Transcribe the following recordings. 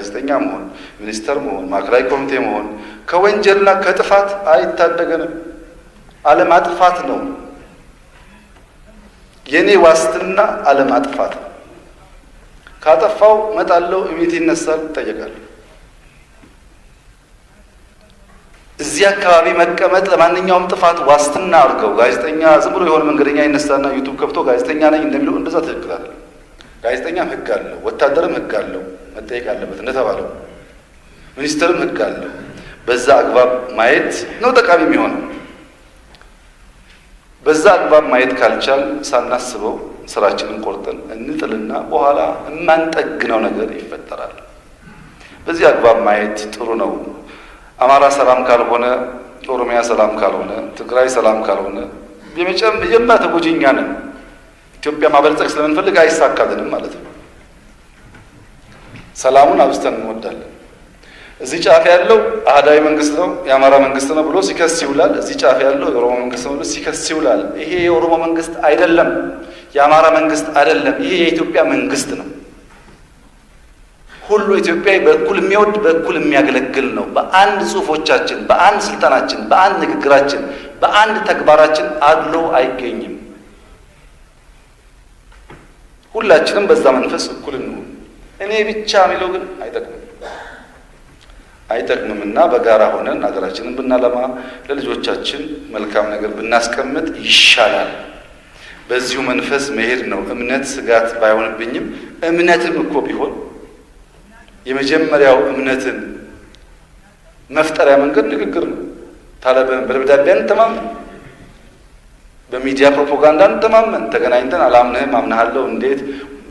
ጋዜጠኛ መሆን፣ ሚኒስተር መሆን፣ ማዕከላዊ ኮሚቴ መሆን ከወንጀልና ከጥፋት አይታደገንም። አለማጥፋት ነው የኔ ዋስትና፣ አለማጥፋት ነው። ካጠፋው መጣለው፣ እቤት ይነሳል፣ ይጠየቃለሁ። እዚህ አካባቢ መቀመጥ ለማንኛውም ጥፋት ዋስትና አድርገው ጋዜጠኛ ዝም ብሎ የሆነ መንገደኛ ይነሳና ዩቱብ ከፍቶ ጋዜጠኛ ነኝ እንደሚለው እንደዛ ትክክል አይደለም። ጋዜጠኛም ህግ አለው፣ ወታደርም ህግ አለው፣ መጠየቅ አለበት እንደተባለው፣ ሚኒስትርም ህግ አለው። በዛ አግባብ ማየት ነው ጠቃሚ የሚሆነው። በዛ አግባብ ማየት ካልቻል ሳናስበው ስራችንን ቆርጠን እንጥልና በኋላ የማንጠግነው ነገር ይፈጠራል። በዚህ አግባብ ማየት ጥሩ ነው። አማራ ሰላም ካልሆነ፣ ኦሮሚያ ሰላም ካልሆነ፣ ትግራይ ሰላም ካልሆነ የመጨም የማ ነን። ኢትዮጵያ ማበልጸግ ስለምንፈልግ አይሳካልንም ማለት ነው። ሰላሙን አብዝተን እንወዳለን። እዚህ ጫፍ ያለው አህዳዊ መንግስት ነው የአማራ መንግስት ነው ብሎ ሲከስ ይውላል። እዚህ ጫፍ ያለው የኦሮሞ መንግስት ነው ብሎ ሲከስ ይውላል። ይሄ የኦሮሞ መንግስት አይደለም፣ የአማራ መንግስት አይደለም። ይሄ የኢትዮጵያ መንግስት ነው። ሁሉ ኢትዮጵያዊ በእኩል የሚወድ በእኩል የሚያገለግል ነው። በአንድ ጽሁፎቻችን፣ በአንድ ስልጣናችን፣ በአንድ ንግግራችን፣ በአንድ ተግባራችን አድሎ አይገኝም። ሁላችንም በዛ መንፈስ እኩል እንሁን። እኔ ብቻ የሚለው ግን አይጠቅምም አይጠቅምም እና በጋራ ሆነን ሀገራችንን ብናለማ ለልጆቻችን መልካም ነገር ብናስቀምጥ ይሻላል። በዚሁ መንፈስ መሄድ ነው። እምነት ስጋት ባይሆንብኝም እምነትም እኮ ቢሆን የመጀመሪያው እምነትን መፍጠሪያ መንገድ ንግግር ነው። ታለበን በደብዳቤ ተማምነን በሚዲያ ፕሮፓጋንዳ እንተማመን። ተገናኝተን አላምንህም፣ አምናሃለሁ፣ እንዴት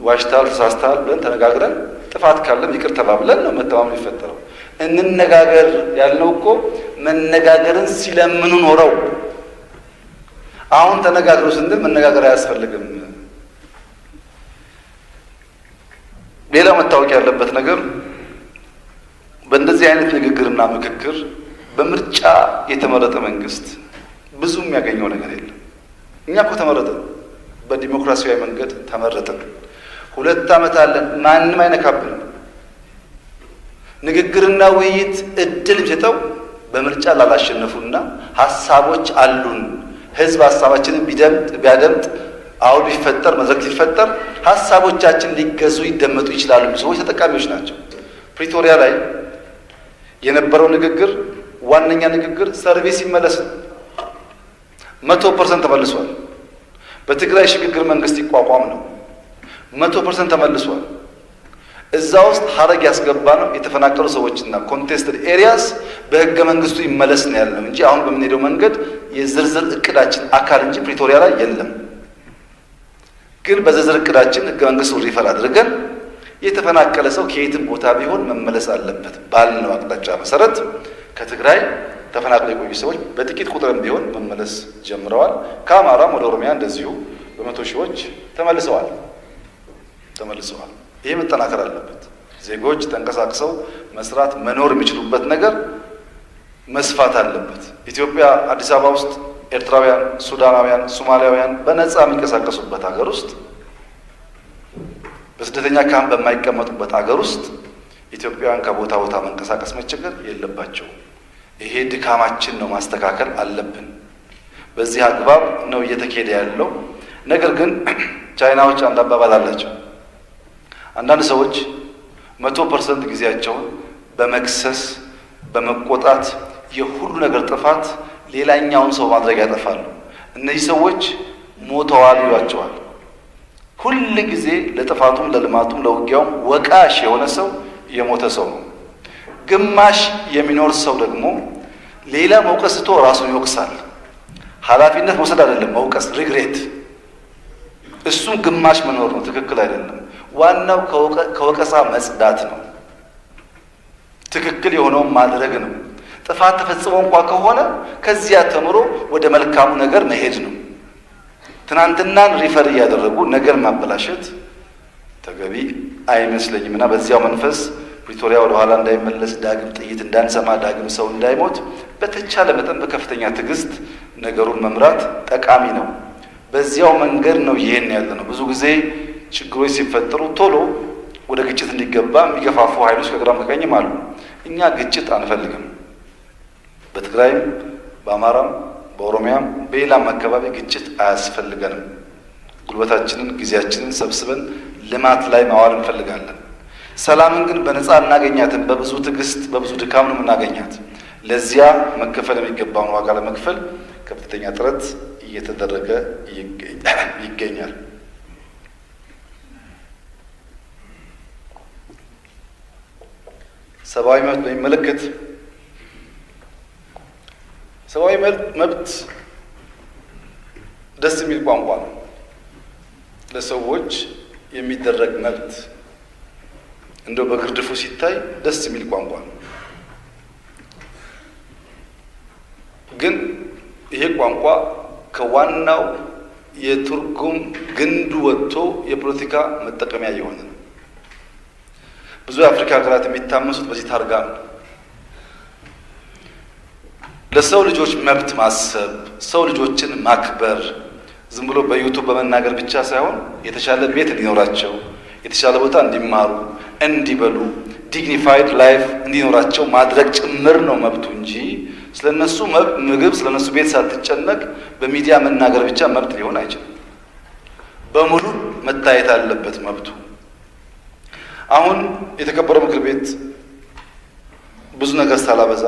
ዋሽታል፣ ተሳስተሃል ብለን ተነጋግረን ጥፋት ካለም ይቅር ተባብለን ነው መተማመን የሚፈጠረው። እንነጋገር ያልነው እኮ መነጋገርን ሲለምኑ ኖረው አሁን ተነጋግሮ ስንል መነጋገር አያስፈልግም። ሌላ መታወቅ ያለበት ነገር በእንደዚህ አይነት ንግግርና ምክክር በምርጫ የተመረጠ መንግስት ብዙ የሚያገኘው ነገር የለም። እኛ እኮ ተመረጥን፣ በዲሞክራሲያዊ መንገድ ተመረጥን። ሁለት ዓመት አለን። ማንም አይነካብንም። ንግግርና ውይይት እድል የሚሰጠው በምርጫ ላላሸነፉና ሀሳቦች አሉን ህዝብ ሀሳባችንን ቢደምጥ ቢያደምጥ አውድ ቢፈጠር መድረክ ሊፈጠር ሀሳቦቻችን ሊገዙ ይደመጡ ይችላሉ። ሰዎች ተጠቃሚዎች ናቸው። ፕሪቶሪያ ላይ የነበረው ንግግር ዋነኛ ንግግር ሰርቪስ ነው። መቶ ፐርሰንት ተመልሷል። በትግራይ ሽግግር መንግስት ይቋቋም ነው መቶ ፐርሰንት ተመልሷል። እዛ ውስጥ ሀረግ ያስገባ ነው የተፈናቀሉ ሰዎችና ኮንቴስትድ ኤሪያስ በህገ መንግስቱ ይመለስ ነው ያለው እንጂ አሁን በምንሄደው መንገድ የዝርዝር እቅዳችን አካል እንጂ ፕሪቶሪያ ላይ የለም። ግን በዝርዝር እቅዳችን ህገ መንግስቱን ሪፈር አድርገን የተፈናቀለ ሰው ከየትም ቦታ ቢሆን መመለስ አለበት ባልነው አቅጣጫ መሰረት ከትግራይ ተፈናቅለው የቆዩ ሰዎች በጥቂት ቁጥርም ቢሆን መመለስ ጀምረዋል። ከአማራም ወደ ኦሮሚያ እንደዚሁ በመቶ ሺዎች ተመልሰዋል ተመልሰዋል። ይህ መጠናከር አለበት። ዜጎች ተንቀሳቅሰው መስራት መኖር የሚችሉበት ነገር መስፋት አለበት። ኢትዮጵያ አዲስ አበባ ውስጥ ኤርትራውያን፣ ሱዳናውያን፣ ሶማሊያውያን በነፃ የሚንቀሳቀሱበት ሀገር ውስጥ በስደተኛ ካምፕ በማይቀመጡበት ሀገር ውስጥ ኢትዮጵያውያን ከቦታ ቦታ መንቀሳቀስ መቸገር የለባቸውም። ይሄ ድካማችን ነው፣ ማስተካከል አለብን። በዚህ አግባብ ነው እየተካሄደ ያለው። ነገር ግን ቻይናዎች አንድ አባባል አላቸው። አንዳንድ ሰዎች መቶ ፐርሰንት ጊዜያቸውን በመክሰስ በመቆጣት የሁሉ ነገር ጥፋት ሌላኛውን ሰው ማድረግ ያጠፋሉ። እነዚህ ሰዎች ሞተዋል ይሏቸዋል። ሁል ጊዜ ለጥፋቱም ለልማቱም ለውጊያውም ወቃሽ የሆነ ሰው የሞተ ሰው ነው። ግማሽ የሚኖር ሰው ደግሞ ሌላ መውቀስ ስቶ ራሱን ይወቅሳል። ኃላፊነት መውሰድ አይደለም መውቀስ፣ ሪግሬት። እሱም ግማሽ መኖር ነው፣ ትክክል አይደለም። ዋናው ከወቀሳ መጽዳት ነው። ትክክል የሆነውን ማድረግ ነው። ጥፋት ተፈጽሞ እንኳ ከሆነ ከዚያ ተምሮ ወደ መልካሙ ነገር መሄድ ነው። ትናንትናን ሪፈር እያደረጉ ነገር ማበላሸት ተገቢ አይመስለኝም እና በዚያው መንፈስ ፕሪቶሪያ ኋላ እንዳይመለስ፣ ዳግም ጥይት እንዳንሰማ፣ ዳግም ሰው እንዳይሞት በተቻለ መጠን በከፍተኛ ትዕግስት ነገሩን መምራት ጠቃሚ ነው። በዚያው መንገድ ነው ይሄን ያለ ነው። ብዙ ጊዜ ችግሮች ሲፈጠሩ ቶሎ ወደ ግጭት እንዲገባ የሚገፋፉ ኃይሎች ከግራም ከቀኝም አሉ። እኛ ግጭት አንፈልግም። በትግራይም በአማራም በኦሮሚያም በሌላም አካባቢ ግጭት አያስፈልገንም። ጉልበታችንን ጊዜያችንን ሰብስበን ልማት ላይ ማዋል እንፈልጋለን። ሰላምን ግን በነፃ እናገኛትን። በብዙ ትዕግስት፣ በብዙ ድካም ነው የምናገኛት። ለዚያ መከፈል የሚገባውን ዋጋ ለመክፈል ከፍተኛ ጥረት እየተደረገ ይገኛል። ሰብአዊ መብት በሚመለከት ሰብአዊ መብት ደስ የሚል ቋንቋ ነው። ለሰዎች የሚደረግ መብት እንደው በግርድፉ ሲታይ ደስ የሚል ቋንቋ ነው። ግን ይሄ ቋንቋ ከዋናው የትርጉም ግንዱ ወጥቶ የፖለቲካ መጠቀሚያ የሆነ ነው። ብዙ የአፍሪካ ሀገራት የሚታመሱት በዚህ ታርጋ ነው። ለሰው ልጆች መብት ማሰብ፣ ሰው ልጆችን ማክበር ዝም ብሎ በዩቱብ በመናገር ብቻ ሳይሆን የተሻለ ቤት እንዲኖራቸው የተሻለ ቦታ እንዲማሩ እንዲበሉ ዲግኒፋይድ ላይፍ እንዲኖራቸው ማድረግ ጭምር ነው መብቱ እንጂ ስለነሱ ምግብ ስለነሱ ቤት ሳትጨነቅ በሚዲያ መናገር ብቻ መብት ሊሆን አይችልም። በሙሉ መታየት አለበት መብቱ። አሁን የተከበረው ምክር ቤት ብዙ ነገር ሳላበዛ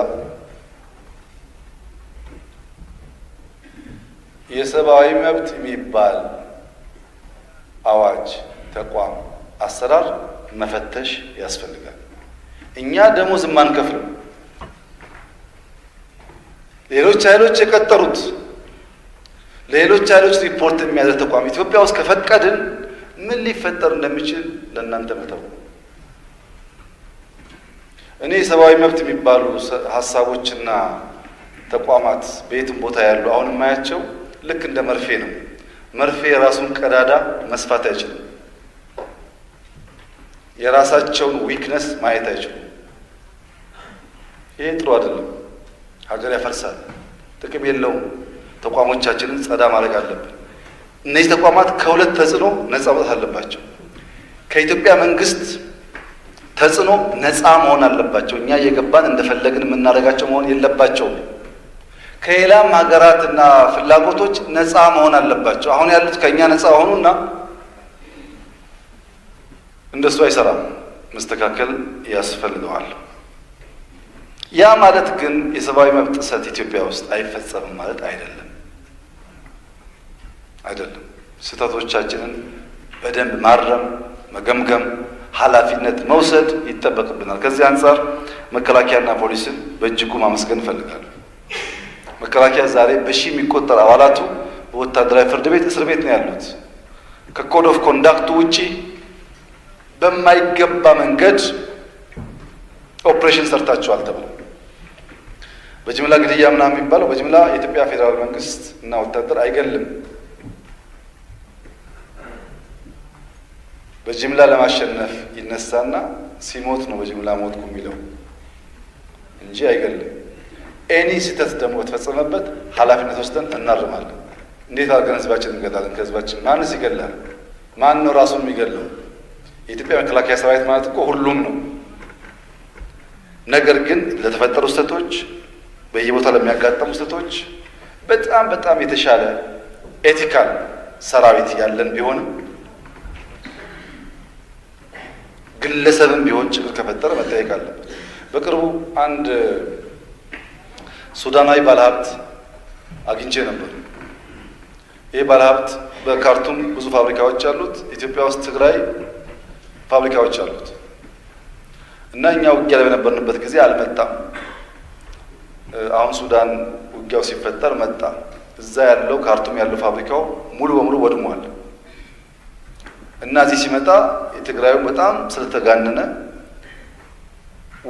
የሰብአዊ መብት የሚባል አዋጅ ተቋም አሰራር መፈተሽ ያስፈልጋል። እኛ ደሞዝ የማንከፍለው ሌሎች ኃይሎች የቀጠሩት ሌሎች ኃይሎች ሪፖርት የሚያደርግ ተቋም ኢትዮጵያ ውስጥ ከፈቀድን ምን ሊፈጠር እንደሚችል ለእናንተ መተው። እኔ የሰብአዊ መብት የሚባሉ ሀሳቦችና ተቋማት በየትም ቦታ ያሉ አሁን የማያቸው ልክ እንደ መርፌ ነው። መርፌ የራሱን ቀዳዳ መስፋት አይችልም። የራሳቸውን ዊክነስ ማየት አይችሉም። ይሄ ጥሩ አይደለም፣ ሀገር ያፈርሳል፣ ጥቅም የለውም። ተቋሞቻችንን ጸዳ ማድረግ አለብን። እነዚህ ተቋማት ከሁለት ተጽዕኖ ነጻ መውጣት አለባቸው። ከኢትዮጵያ መንግስት ተጽዕኖ ነጻ መሆን አለባቸው። እኛ እየገባን እንደፈለግን የምናደርጋቸው መሆን የለባቸውም። ከሌላም ሀገራትና ፍላጎቶች ነጻ መሆን አለባቸው። አሁን ያሉት ከእኛ ነጻ ሆኑና እንደሱ አይሰራም፣ መስተካከል ያስፈልገዋል። ያ ማለት ግን የሰብአዊ መብት ጥሰት ኢትዮጵያ ውስጥ አይፈጸምም ማለት አይደለም አይደለም። ስህተቶቻችንን በደንብ ማረም፣ መገምገም፣ ኃላፊነት መውሰድ ይጠበቅብናል። ከዚህ አንጻር መከላከያና ፖሊስን በእጅጉ ማመስገን እፈልጋለሁ። መከላከያ ዛሬ በሺ የሚቆጠር አባላቱ በወታደራዊ ፍርድ ቤት እስር ቤት ነው ያሉት። ከኮድ ኦፍ ኮንዳክቱ ውጪ በማይገባ መንገድ ኦፕሬሽን ሰርታችኋል ተብሎ በጅምላ ግድያ ምናምን የሚባለው በጅምላ የኢትዮጵያ ፌዴራል መንግስት እና ወታደር አይገልም። በጅምላ ለማሸነፍ ይነሳና ሲሞት ነው በጅምላ ሞትኩ የሚለው እንጂ አይገልም። ኤኒ ስህተት ደግሞ በተፈጸመበት ኃላፊነት ወስደን እናርማለን። እንዴት አድርገን ህዝባችን እንገጣለን? ከህዝባችን ማንስ ይገላል? ማን ነው ራሱን የሚገለው? የኢትዮጵያ መከላከያ ሰራዊት ማለት እኮ ሁሉም ነው። ነገር ግን ለተፈጠሩ ስህተቶች፣ በየቦታ ለሚያጋጠሙ ስህተቶች በጣም በጣም የተሻለ ኤቲካል ሰራዊት ያለን ቢሆንም ግለሰብም ቢሆን ችግር ከፈጠረ መጠየቅ አለበት። በቅርቡ አንድ ሱዳናዊ ባለሀብት አግኝቼ ነበር። ይህ ባለሀብት በካርቱም ብዙ ፋብሪካዎች አሉት። ኢትዮጵያ ውስጥ ትግራይ ፋብሪካዎች አሉት እና እኛ ውጊያ ላይ በነበርንበት ጊዜ አልመጣም። አሁን ሱዳን ውጊያው ሲፈጠር መጣ። እዛ ያለው ካርቱም ያለው ፋብሪካው ሙሉ በሙሉ ወድሟል እና እዚህ ሲመጣ የትግራዩ በጣም ስለተጋነነ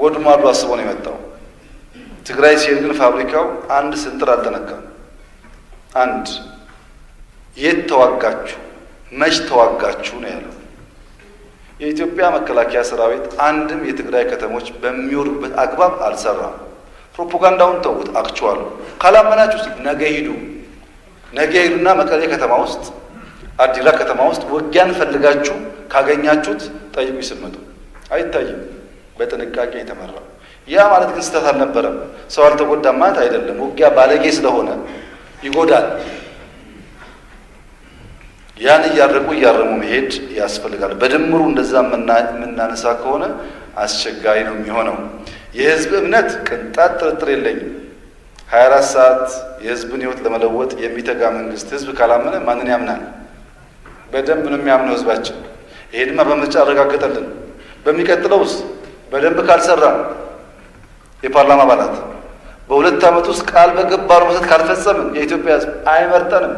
ወድሞ አሉ አስቦ ነው የመጣው። ትግራይ ሲሄድ ግን ፋብሪካው አንድ ስንጥር አልተነካም። አንድ የት ተዋጋችሁ፣ መች ተዋጋችሁ ነው ያለው። የኢትዮጵያ መከላከያ ሰራዊት አንድም የትግራይ ከተሞች በሚወርበት አግባብ አልሰራም። ፕሮፓጋንዳውን ተውት። አክቹዋሉ ካላመናችሁ ነገ ሂዱ፣ ነገ ሂዱና መቀሌ ከተማ ውስጥ አዲራ ከተማ ውስጥ ውጊያን ፈልጋችሁ ካገኛችሁት ጠይቁ፣ ይስመጡ። አይታይም። በጥንቃቄ የተመራ ያ ማለት ግን ስህተት አልነበረም። ሰው አልተጎዳም ማለት አይደለም። ውጊያ ባለጌ ስለሆነ ይጎዳል። ያን እያረቁ እያረሙ መሄድ ያስፈልጋል። በድምሩ እንደዛ የምናነሳ ከሆነ አስቸጋሪ ነው የሚሆነው። የህዝብ እምነት ቅንጣት ጥርጥር የለኝም። ሀያ አራት ሰዓት የህዝብን ህይወት ለመለወጥ የሚተጋ መንግስት ህዝብ ካላመነ ማንን ያምናል? በደንብ ነው የሚያምነው ህዝባችን። ይሄንማ በምርጫ አረጋገጠልን። በሚቀጥለውስ በደንብ ካልሰራ የፓርላማ አባላት በሁለት ዓመት ውስጥ ቃል በገባሩ መሰረት ካልፈጸምን የኢትዮጵያ ህዝብ አይመርጠንም።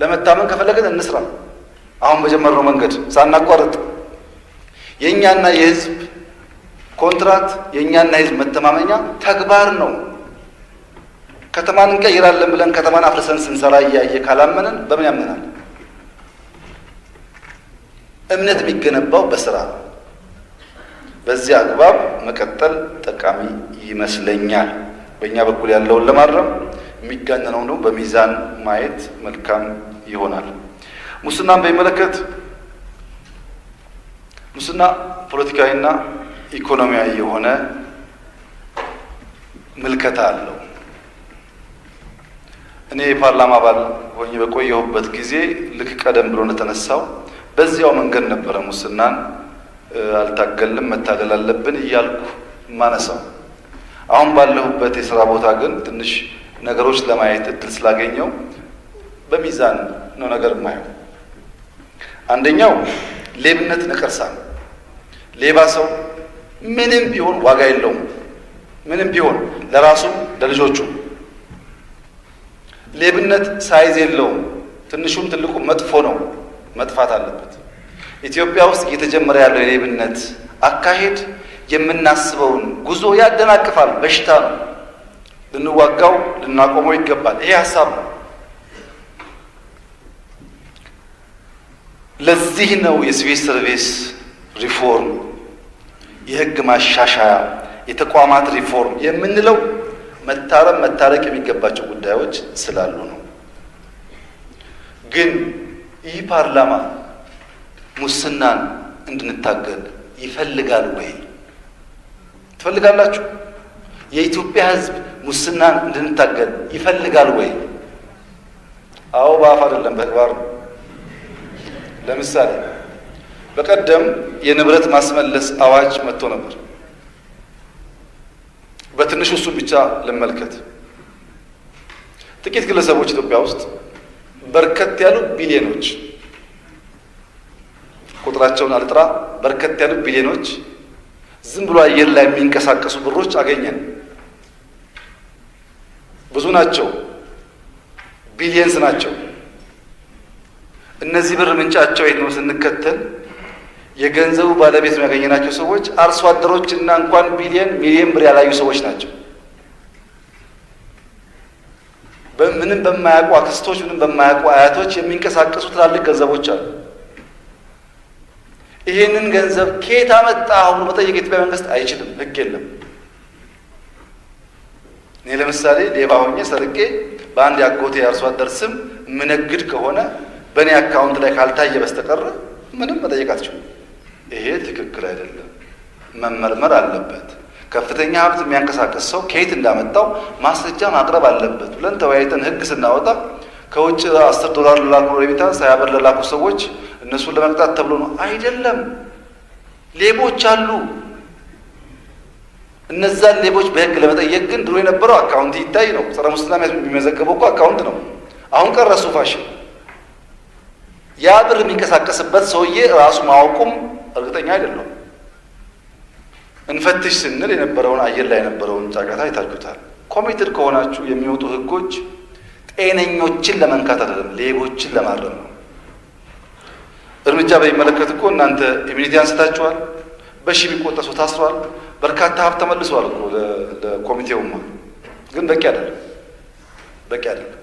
ለመታመን ከፈለገን እንስራ። አሁን በጀመርነው መንገድ ሳናቋርጥ የእኛና የህዝብ ኮንትራት የእኛና የህዝብ መተማመኛ ተግባር ነው። ከተማን እንቀይራለን ብለን ከተማን አፍርሰን ስንሰራ እያየ ካላመንን በምን ያምናል? እምነት የሚገነባው በስራ በዚህ አግባብ መቀጠል ጠቃሚ ይመስለኛል። በእኛ በኩል ያለውን ለማረም የሚጋነነው ነው በሚዛን ማየት መልካም ይሆናል። ሙስናን በሚመለከት ሙስና ፖለቲካዊና ኢኮኖሚያዊ የሆነ ምልከታ አለው። እኔ የፓርላማ አባል ሆኜ በቆየሁበት ጊዜ ልክ ቀደም ብሎ እንደተነሳው በዚያው መንገድ ነበረ ሙስናን አልታገልም መታገል አለብን እያልኩ ማነሳው። አሁን ባለሁበት የስራ ቦታ ግን ትንሽ ነገሮች ለማየት እድል ስላገኘው በሚዛን ነው ነገር የማየው። አንደኛው ሌብነት ነቀርሳ ነው። ሌባ ሰው ምንም ቢሆን ዋጋ የለውም። ምንም ቢሆን ለራሱ ለልጆቹ ሌብነት ሳይዝ የለውም። ትንሹም ትልቁ መጥፎ ነው፣ መጥፋት አለበት። ኢትዮጵያ ውስጥ እየተጀመረ ያለው የሌብነት አካሄድ የምናስበውን ጉዞ ያደናቅፋል። በሽታ ነው። ልንዋጋው ልናቆመው ይገባል። ይሄ ሀሳብ ነው። ለዚህ ነው የሲቪል ሰርቪስ ሪፎርም፣ የህግ ማሻሻያ፣ የተቋማት ሪፎርም የምንለው መታረም መታረቅ የሚገባቸው ጉዳዮች ስላሉ ነው። ግን ይህ ፓርላማ ሙስናን እንድንታገል ይፈልጋል ወይ? ትፈልጋላችሁ? የኢትዮጵያ ህዝብ ሙስናን እንድንታገል ይፈልጋል ወይ? አዎ፣ በአፍ አይደለም በተግባር ነው። ለምሳሌ በቀደም የንብረት ማስመለስ አዋጅ መጥቶ ነበር። በትንሹ እሱን ብቻ ልመልከት። ጥቂት ግለሰቦች ኢትዮጵያ ውስጥ በርከት ያሉ ቢሊዮኖች ቁጥራቸውን አልጥራ፣ በርከት ያሉ ቢሊዮኖች ዝም ብሎ አየር ላይ የሚንቀሳቀሱ ብሮች አገኘን። ብዙ ናቸው፣ ቢሊየንስ ናቸው። እነዚህ ብር ምንጫቸው የት ነው ስንከተል የገንዘቡ ባለቤት ነው ያገኘናቸው ሰዎች አርሶ አደሮች እና እንኳን ቢሊየን ሚሊየን ብር ያላዩ ሰዎች ናቸው። ምንም በማያውቁ አክስቶች፣ ምንም በማያውቁ አያቶች የሚንቀሳቀሱ ትላልቅ ገንዘቦች አሉ። ይህንን ገንዘብ ከየት አመጣ አሁኑ መጠየቅ የኢትዮጵያ መንግስት አይችልም፣ ህግ የለም። እኔ ለምሳሌ ሌባ ሆኜ ሰርቄ በአንድ ያጎቴ የአርሶ አደር ስም የምነግድ ከሆነ በእኔ አካውንት ላይ ካልታየ በስተቀረ ምንም መጠየቅ ይሄ ትክክል አይደለም፣ መመርመር አለበት። ከፍተኛ ሀብት የሚያንቀሳቀስ ሰው ከየት እንዳመጣው ማስረጃ ማቅረብ አለበት ብለን ተወያይተን ህግ ስናወጣ ከውጭ አስር ዶላር ለላኩ ቤታ ሳያበር ለላኩ ሰዎች እነሱን ለመቅጣት ተብሎ ነው አይደለም። ሌቦች አሉ። እነዛን ሌቦች በህግ ለመጠየቅ ግን ድሮ የነበረው አካውንት ይታይ ነው። ጸረ ሙስና የሚመዘገበው እኮ አካውንት ነው። አሁን ቀረሱ ፋሽን ያ ብር የሚንቀሳቀስበት ሰውዬ ራሱ ማወቁም እርግጠኛ አይደለም። እንፈትሽ ስንል የነበረውን አየር ላይ የነበረውን ጫጫታ ይታችሁታል። ኮሚትድ ከሆናችሁ የሚወጡ ህጎች ጤነኞችን ለመንካት አይደለም፣ ሌቦችን ለማረም ነው። እርምጃ በሚመለከት እኮ እናንተ ኢሚኒቲ አንስታችኋል። በሺ የሚቆጠር ሰው ታስሯል። በርካታ ሀብት ተመልሷል እኮ ለኮሚቴውማ፣ ግን በቂ አይደለም፣ በቂ አይደለም።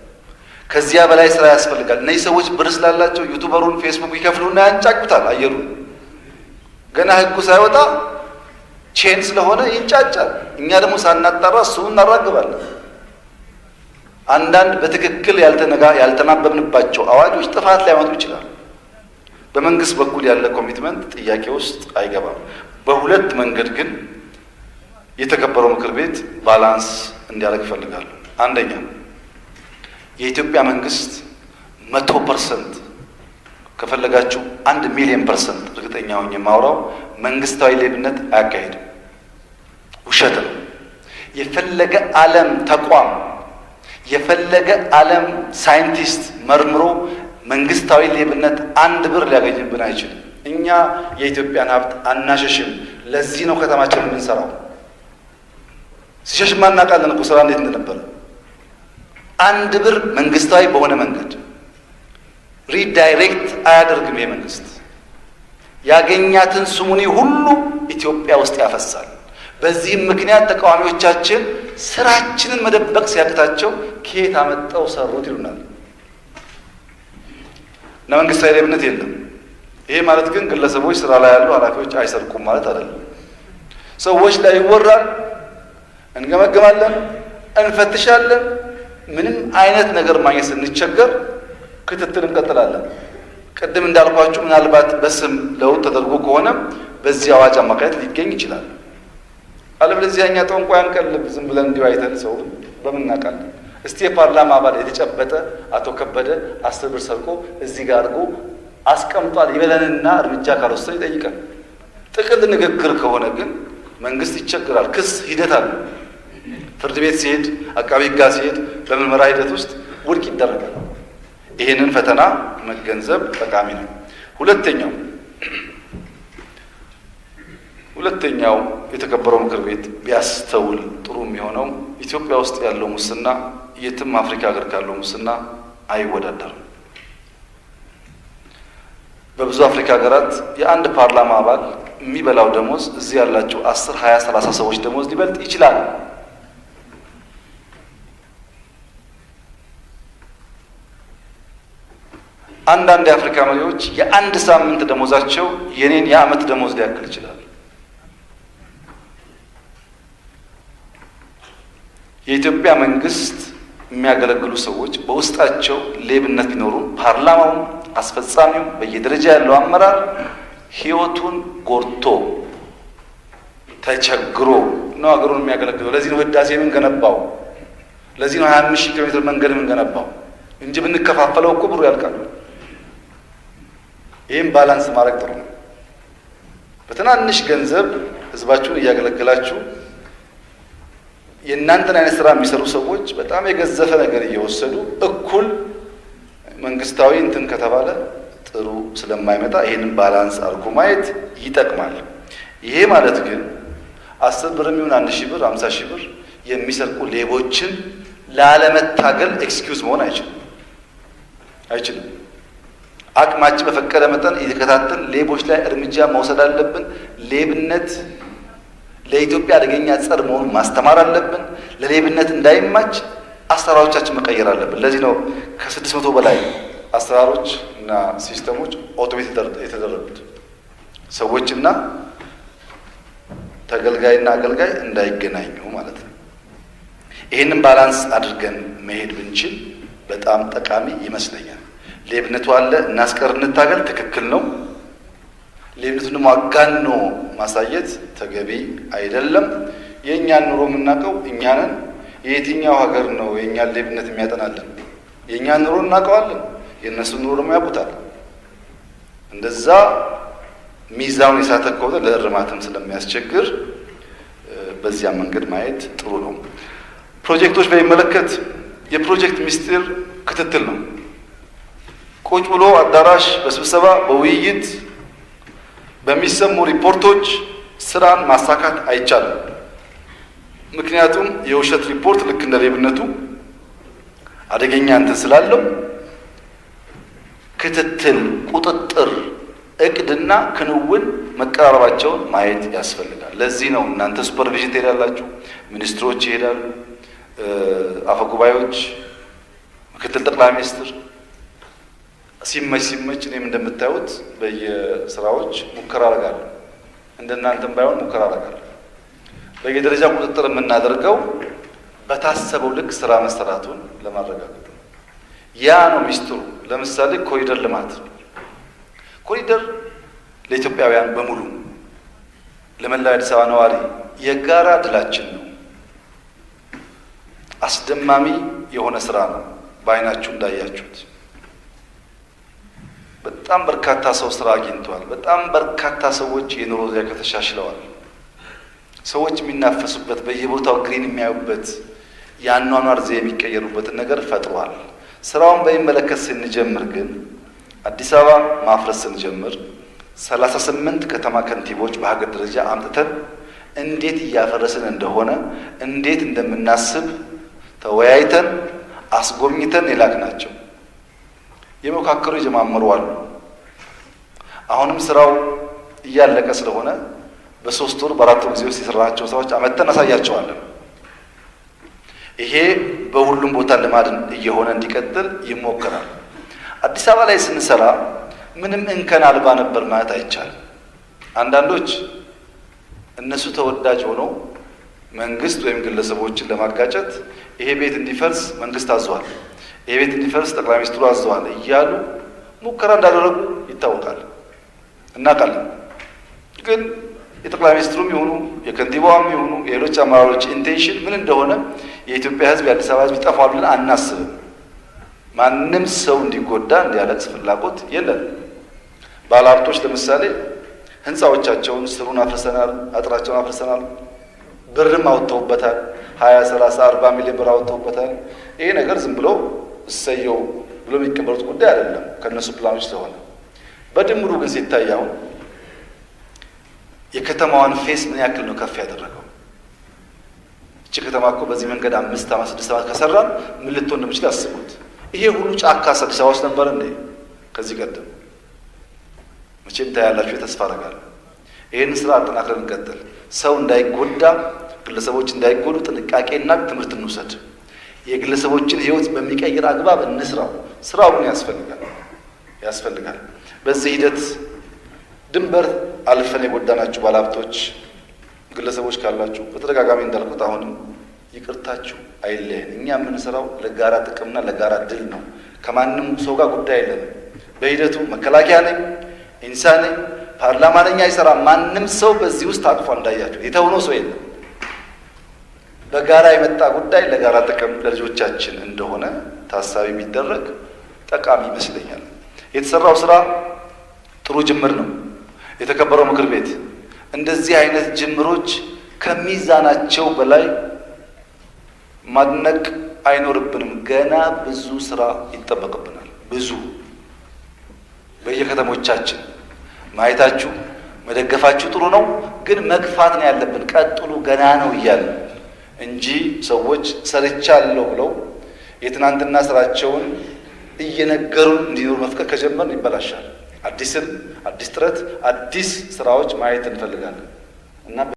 ከዚያ በላይ ስራ ያስፈልጋል። እነዚህ ሰዎች ብር ስላላቸው ዩቱበሩን ፌስቡክ ይከፍሉና ያንጫጩታል። አየሩ ገና ህጉ ሳይወጣ ቼን ስለሆነ ይንጫጫል። እኛ ደግሞ ሳናጣራ እሱን እናራግባለን። አንዳንድ በትክክል ያልተናበብንባቸው አዋጆች ጥፋት ሊያመጡ ይችላል። በመንግስት በኩል ያለ ኮሚትመንት ጥያቄ ውስጥ አይገባም። በሁለት መንገድ ግን የተከበረው ምክር ቤት ባላንስ እንዲያደርግ ይፈልጋሉ። አንደኛ የኢትዮጵያ መንግስት መቶ ፐርሰንት ከፈለጋችሁ አንድ ሚሊዮን ፐርሰንት እርግጠኛ ሆኜ የማውራው መንግስታዊ ሌብነት አያካሂድም፣ ውሸት ነው። የፈለገ ዓለም ተቋም የፈለገ ዓለም ሳይንቲስት መርምሮ መንግስታዊ ሌብነት አንድ ብር ሊያገኝብን አይችልም። እኛ የኢትዮጵያን ሀብት አናሸሽም። ለዚህ ነው ከተማችን የምንሰራው። ሲሸሽ ማናቃለን እኮ ስራ እንዴት እንደነበረ አንድ ብር መንግስታዊ በሆነ መንገድ ሪዳይሬክት አያደርግም። የመንግስት መንግስት ያገኛትን ስሙኒ ሁሉ ኢትዮጵያ ውስጥ ያፈሳል። በዚህም ምክንያት ተቃዋሚዎቻችን ስራችንን መደበቅ ሲያቅታቸው ከየት አመጣው ሰሩት ይሉናል እና መንግስታዊ ሌብነት የለም። ይሄ ማለት ግን ግለሰቦች ስራ ላይ ያሉ ኃላፊዎች አይሰርቁም ማለት አይደለም። ሰዎች ላይ ይወራል እንገመግማለን፣ እንፈትሻለን። ምንም አይነት ነገር ማግኘት ስንቸገር ክትትል እንቀጥላለን። ቅድም እንዳልኳችሁ ምናልባት በስም ለውጥ ተደርጎ ከሆነ በዚህ አዋጅ አማካኝነት ሊገኝ ይችላል። አለበለዚያ እኛ ጠንቋይ አንቀልብ። ዝም ብለን እንዲሁ አይተን ሰው በምናውቃለን። እስቲ የፓርላማ አባል የተጨበጠ አቶ ከበደ አስር ብር ሰርቆ እዚህ ጋር አድርጎ አስቀምጧል ይበለንና እርምጃ ካልወሰደ ይጠይቃል። ጥቅል ንግግር ከሆነ ግን መንግስት ይቸግራል። ክስ ሂደት አለ። ፍርድ ቤት ሲሄድ፣ አቃቤ ሕግ ሲሄድ፣ በምርመራ ሂደት ውስጥ ውድቅ ይደረጋል። ይህንን ፈተና መገንዘብ ጠቃሚ ነው። ሁለተኛው ሁለተኛው የተከበረው ምክር ቤት ቢያስተውል ጥሩ የሚሆነው ኢትዮጵያ ውስጥ ያለው ሙስና የትም አፍሪካ ሀገር ካለው ሙስና አይወዳደርም። በብዙ አፍሪካ ሀገራት የአንድ ፓርላማ አባል የሚበላው ደሞዝ እዚህ ያላቸው አስር ሀያ ሰላሳ ሰዎች ደሞዝ ሊበልጥ ይችላል። አንዳንድ የአፍሪካ መሪዎች የአንድ ሳምንት ደሞዛቸው የኔን የአመት ደሞዝ ሊያክል ይችላል። የኢትዮጵያ መንግስት የሚያገለግሉ ሰዎች በውስጣቸው ሌብነት ቢኖሩም ፓርላማውም አስፈጻሚውም በየደረጃ ያለው አመራር ህይወቱን ጎርቶ ተቸግሮ ነው ሀገሩን የሚያገለግለው። ለዚህ ነው ህዳሴ ምን ገነባው፣ ለዚህ ነው ሀያ አምስት ሺህ ኪሎ ሜትር መንገድ ምን ገነባው እንጂ ብንከፋፈለው እኮ ብሩ ያልቃል። ይህም ባላንስ ማድረግ ጥሩ ነው። በትናንሽ ገንዘብ ህዝባችሁን እያገለገላችሁ የእናንተን አይነት ስራ የሚሰሩ ሰዎች በጣም የገዘፈ ነገር እየወሰዱ እኩል መንግስታዊ እንትን ከተባለ ጥሩ ስለማይመጣ ይህንን ባላንስ አድርጎ ማየት ይጠቅማል። ይሄ ማለት ግን አስር ብር የሚሆን አንድ ሺህ ብር አምሳ ሺህ ብር የሚሰርቁ ሌቦችን ላለመታገል ኤክስኪውዝ መሆን አይችልም አይችልም። አቅማችን በፈቀደ መጠን እየተከታተል ሌቦች ላይ እርምጃ መውሰድ አለብን። ሌብነት ለኢትዮጵያ አደገኛ ጸር መሆኑን ማስተማር አለብን። ለሌብነት እንዳይማች አሰራሮቻችን መቀየር አለብን። ለዚህ ነው ከስድስት መቶ በላይ አሰራሮች እና ሲስተሞች ኦቶሜት የተደረጉት ሰዎችና ተገልጋይና አገልጋይ እንዳይገናኙ ማለት ነው። ይህንን ባላንስ አድርገን መሄድ ብንችል በጣም ጠቃሚ ይመስለኛል። ሌብነቱ አለ፣ እናስቀር፣ እንታገል፣ ትክክል ነው። ሌብነቱን ደግሞ አጋኖ ማሳየት ተገቢ አይደለም። የእኛን ኑሮ የምናውቀው እኛንን የየትኛው ሀገር ነው የእኛን ሌብነት የሚያጠናለን? የእኛን ኑሮ እናውቀዋለን፣ የእነሱን ኑሮ ደግሞ ያውቁታል። እንደዛ ሚዛውን የሳተ ከሆነ ለእርማትም ስለሚያስቸግር በዚያ መንገድ ማየት ጥሩ ነው። ፕሮጀክቶች በሚመለከት የፕሮጀክት ሚስጢር ክትትል ነው። ቁጭ ብሎ አዳራሽ በስብሰባ በውይይት በሚሰሙ ሪፖርቶች ስራን ማሳካት አይቻልም። ምክንያቱም የውሸት ሪፖርት ልክ እንደ ሌብነቱ አደገኛ እንትን ስላለው ክትትል፣ ቁጥጥር፣ እቅድና ክንውን መቀራረባቸውን ማየት ያስፈልጋል። ለዚህ ነው እናንተ ሱፐርቪዥን ትሄዳላችሁ፣ ሚኒስትሮች ይሄዳሉ፣ አፈጉባኤዎች፣ ምክትል ጠቅላይ ሚኒስትር ሲመች ሲመች እኔም እንደምታዩት በየስራዎች ሙከራ አረጋለሁ። እንደናንተም ባይሆን ሙከራ አረጋለሁ። በየደረጃ ቁጥጥር የምናደርገው በታሰበው ልክ ስራ መሰራቱን ለማረጋገጥ ነው። ያ ነው ሚስጥሩ። ለምሳሌ ኮሪደር ልማት፣ ኮሪደር ለኢትዮጵያውያን በሙሉ ለመላው አዲስ አበባ ነዋሪ የጋራ ድላችን ነው። አስደማሚ የሆነ ስራ ነው። በአይናችሁ እንዳያችሁት በጣም በርካታ ሰው ስራ አግኝተዋል። በጣም በርካታ ሰዎች የኑሮ ዘይቤያቸው ተሻሽለዋል። ሰዎች የሚናፈሱበት በየቦታው ግሪን የሚያዩበት የአኗኗር ዜ የሚቀየሩበትን ነገር ፈጥሯል። ስራውን በሚመለከት ስንጀምር ግን አዲስ አበባ ማፍረስ ስንጀምር ሰላሳ ስምንት ከተማ ከንቲቦች በሀገር ደረጃ አምጥተን እንዴት እያፈረስን እንደሆነ እንዴት እንደምናስብ ተወያይተን አስጎብኝተን የላክ ናቸው። የመካከሉ የጀማመሩ አሉ። አሁንም ስራው እያለቀ ስለሆነ በሶስት ወር በአራት ወር ጊዜ ውስጥ የሰራናቸው ስራዎች አመተን እናሳያቸዋለን። ይሄ በሁሉም ቦታ ልማድ እየሆነ እንዲቀጥል ይሞከራል። አዲስ አበባ ላይ ስንሰራ ምንም እንከን አልባ ነበር ማለት አይቻልም። አንዳንዶች እነሱ ተወዳጅ ሆነው መንግስት ወይም ግለሰቦችን ለማጋጨት ይሄ ቤት እንዲፈርስ መንግስት አዟል የቤት እንዲፈርስ ጠቅላይ ሚኒስትሩ አዘዋል እያሉ ሙከራ እንዳደረጉ ይታወቃል፣ እናውቃለን። ግን የጠቅላይ ሚኒስትሩም ይሁኑ የከንቲባዋም ይሁኑ የሌሎች አመራሮች ኢንቴንሽን ምን እንደሆነ የኢትዮጵያ ሕዝብ የአዲስ አበባ ሕዝብ ይጠፋል ብለን አናስብም። ማንም ሰው እንዲጎዳ እንዲያለቅስ ፍላጎት የለን። ባለሀብቶች ለምሳሌ ህንፃዎቻቸውን ስሩን አፍርሰናል፣ አጥራቸውን አፍርሰናል፣ ብርም አውጥተውበታል። ሀያ ሰላሳ አርባ ሚሊዮን ብር አውጥተውበታል። ይሄ ነገር ዝም ብሎ እሰየው ብሎ የሚቀበሉት ጉዳይ አይደለም ከነሱ ፕላኖች ስለሆነ። በድምሩ ግን ሲታይ አሁን የከተማዋን ፌስ ምን ያክል ነው ከፍ ያደረገው? እቺ ከተማ እኮ በዚህ መንገድ አምስት አመት ስድስት አመት ከሰራን ምን ልትሆን እንደምችል አስቡት። ይሄ ሁሉ ጫካ አዲስ አበባ ውስጥ ነበር እንዴ ከዚህ ቀደም? መቼም ታያላችሁ፣ ተስፋ አደርጋለሁ። ይህን ስራ አጠናክረን እንቀጥል። ሰው እንዳይጎዳ፣ ግለሰቦች እንዳይጎዱ ጥንቃቄና ትምህርት እንውሰድ። የግለሰቦችን ህይወት በሚቀይር አግባብ እንስራው። ስራው ግን ያስፈልጋል ያስፈልጋል። በዚህ ሂደት ድንበር አልፈን የጎዳናችሁ ባለሀብቶች፣ ግለሰቦች ካላችሁ በተደጋጋሚ እንዳልኩት አሁንም ይቅርታችሁ አይለየን። እኛ የምንሰራው ለጋራ ጥቅምና ለጋራ ድል ነው። ከማንም ሰው ጋር ጉዳይ የለንም። በሂደቱ መከላከያ ነኝ፣ ኢንሳ ነኝ፣ ፓርላማ ነኝ አይሰራም። ማንም ሰው በዚህ ውስጥ አቅፎ እንዳያችሁ የተውነው ሰው የለም። በጋራ የመጣ ጉዳይ ለጋራ ጥቅም ለልጆቻችን እንደሆነ ታሳቢ ቢደረግ ጠቃሚ ይመስለኛል። የተሰራው ስራ ጥሩ ጅምር ነው። የተከበረው ምክር ቤት እንደዚህ አይነት ጅምሮች ከሚዛናቸው በላይ ማድነቅ አይኖርብንም። ገና ብዙ ስራ ይጠበቅብናል። ብዙ በየከተሞቻችን ማየታችሁ መደገፋችሁ ጥሩ ነው፣ ግን መግፋት ነው ያለብን። ቀጥሉ ገና ነው እያለ እንጂ ሰዎች ሰርቻለሁ ብለው የትናንትና ስራቸውን እየነገሩን እንዲኖር መፍቀድ ከጀመር ይበላሻል። አዲስም አዲስ ጥረት፣ አዲስ ስራዎች ማየት እንፈልጋለን እና